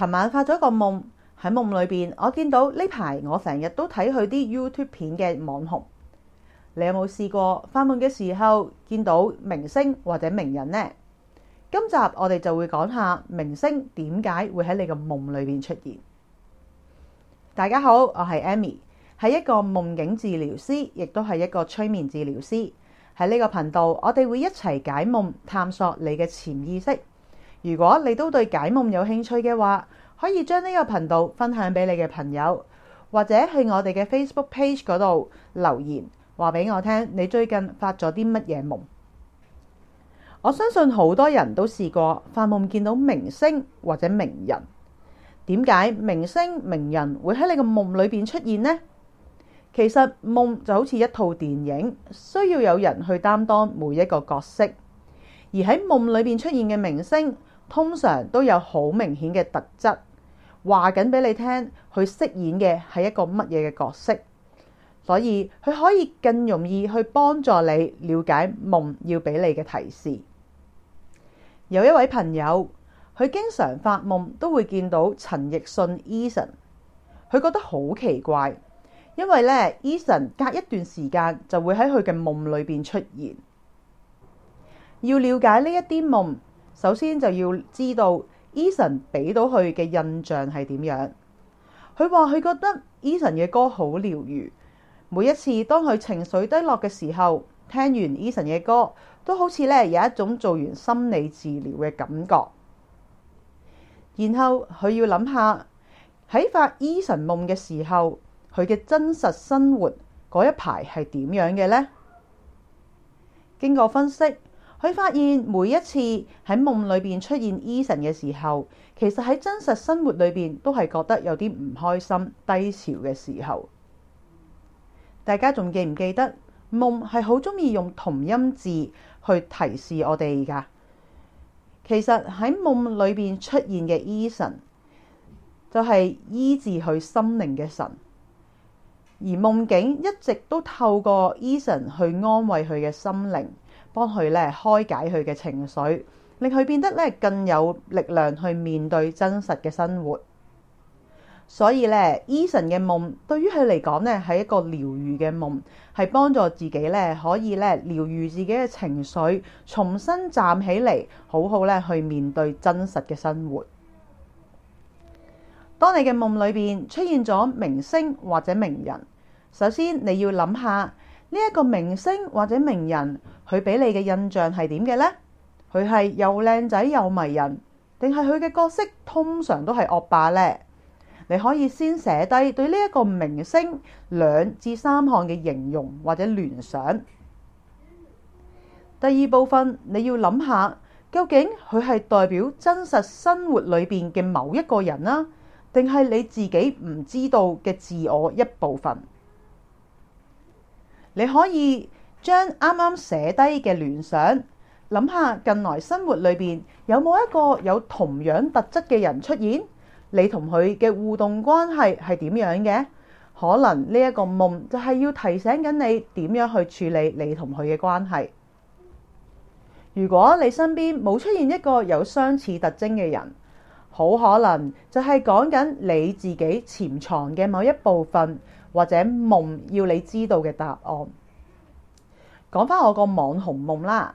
琴晚發咗個夢，喺夢裏邊，我見到呢排我成日都睇佢啲 YouTube 片嘅網紅。你有冇試過發夢嘅時候見到明星或者名人呢？今集我哋就會講下明星點解會喺你個夢裏面出現。大家好，我係 Amy，係一個夢境治療師，亦都係一個催眠治療師。喺呢個頻道，我哋會一齊解夢，探索你嘅潛意識。如果你都對解夢有興趣嘅話，可以將呢個頻道分享俾你嘅朋友，或者去我哋嘅 Facebook page 嗰度留言，話俾我聽你最近發咗啲乜嘢夢。我相信好多人都試過發夢見到明星或者名人。點解明星、名人會喺你嘅夢裏邊出現呢？其實夢就好似一套電影，需要有人去擔當每一個角色，而喺夢裏邊出現嘅明星，通常都有好明顯嘅特質，話緊俾你聽，佢飾演嘅係一個乜嘢嘅角色，所以佢可以更容易去幫助你了解夢要俾你嘅提示。有一位朋友，佢經常發夢都會見到陳奕迅 Eason，佢覺得好奇怪，因為咧 Eason 隔一段時間就會喺佢嘅夢裏邊出現。要了解呢一啲夢。首先就要知道 Eason 俾到佢嘅印象係點樣。佢話佢覺得 Eason 嘅歌好療愈，每一次當佢情緒低落嘅時候，聽完 Eason 嘅歌都好似咧有一種做完心理治療嘅感覺。然後佢要諗下喺發 Eason 夢嘅時候，佢嘅真實生活嗰一排係點樣嘅呢？經過分析。佢發現每一次喺夢裏邊出現 Eason 嘅時候，其實喺真實生活裏邊都係覺得有啲唔開心、低潮嘅時候。大家仲記唔記得夢係好鍾意用同音字去提示我哋㗎？其實喺夢裏邊出現嘅 Eason，就係醫治佢心靈嘅神，而夢境一直都透過 Eason 去安慰佢嘅心靈。幫佢咧，開解佢嘅情緒，令佢變得咧，更有力量去面對真實嘅生活。所以咧，Eason 嘅夢對於佢嚟講咧，係一個療癒嘅夢，係幫助自己咧，可以咧療癒自己嘅情緒，重新站起嚟，好好咧去面對真實嘅生活。當你嘅夢裏邊出現咗明星或者名人，首先你要諗下呢一個明星或者名人。佢俾你嘅印象係點嘅呢？佢係又靚仔又迷人，定係佢嘅角色通常都係惡霸呢？你可以先寫低對呢一個明星兩至三項嘅形容或者聯想。第二部分你要諗下，究竟佢係代表真實生活裏邊嘅某一個人啦，定係你自己唔知道嘅自我一部分？你可以。將啱啱寫低嘅聯想，諗下近來生活裏邊有冇一個有同樣特質嘅人出現？你同佢嘅互動關係係點樣嘅？可能呢一個夢就係要提醒緊你點樣去處理你同佢嘅關係。如果你身邊冇出現一個有相似特徵嘅人，好可能就係講緊你自己潛藏嘅某一部分，或者夢要你知道嘅答案。講翻我個網紅夢啦，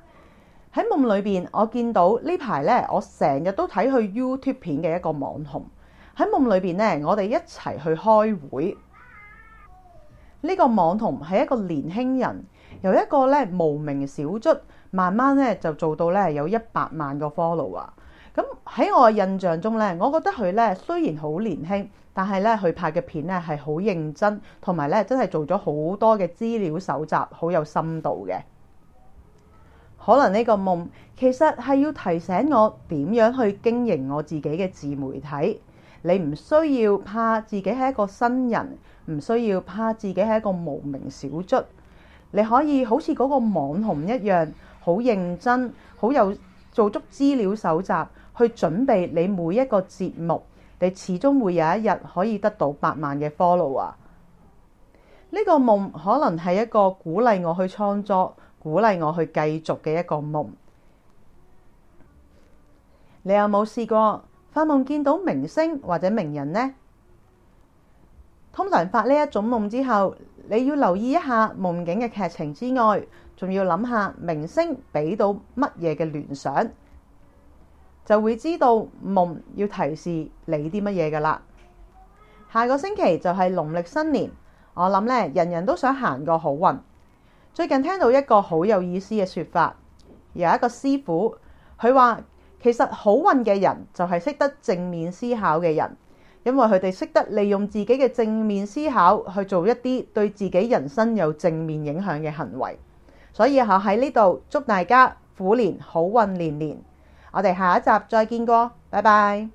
喺夢裏邊我見到呢排呢，我成日都睇佢 YouTube 片嘅一個網紅喺夢裏邊呢，我哋一齊去開會。呢個網紅係一個年輕人，由一個呢無名小卒慢慢呢就做到呢有一百萬個 follow 啊。咁喺我印象中呢，我覺得佢呢雖然好年輕。但係咧，佢拍嘅片咧係好認真，同埋咧真係做咗好多嘅資料搜集，好有深度嘅。可能呢個夢其實係要提醒我點樣去經營我自己嘅自媒體。你唔需要怕自己係一個新人，唔需要怕自己係一個無名小卒。你可以好似嗰個網紅一樣，好認真，好有做足資料搜集，去準備你每一個節目。你始終會有一日可以得到百萬嘅 follow 啊！呢個夢可能係一個鼓勵我去創作、鼓勵我去繼續嘅一個夢。你有冇試過發夢見到明星或者名人呢？通常發呢一種夢之後，你要留意一下夢境嘅劇情之外，仲要諗下明星俾到乜嘢嘅聯想。就會知道夢要提示你啲乜嘢㗎喇。下個星期就係農曆新年，我諗咧，人人都想行個好運。最近聽到一個好有意思嘅說法，有一個師傅佢話，其實好運嘅人就係識得正面思考嘅人，因為佢哋識得利用自己嘅正面思考去做一啲對自己人生有正面影響嘅行為。所以吓喺呢度祝大家虎年好運連連。我哋下一集再見過，拜拜。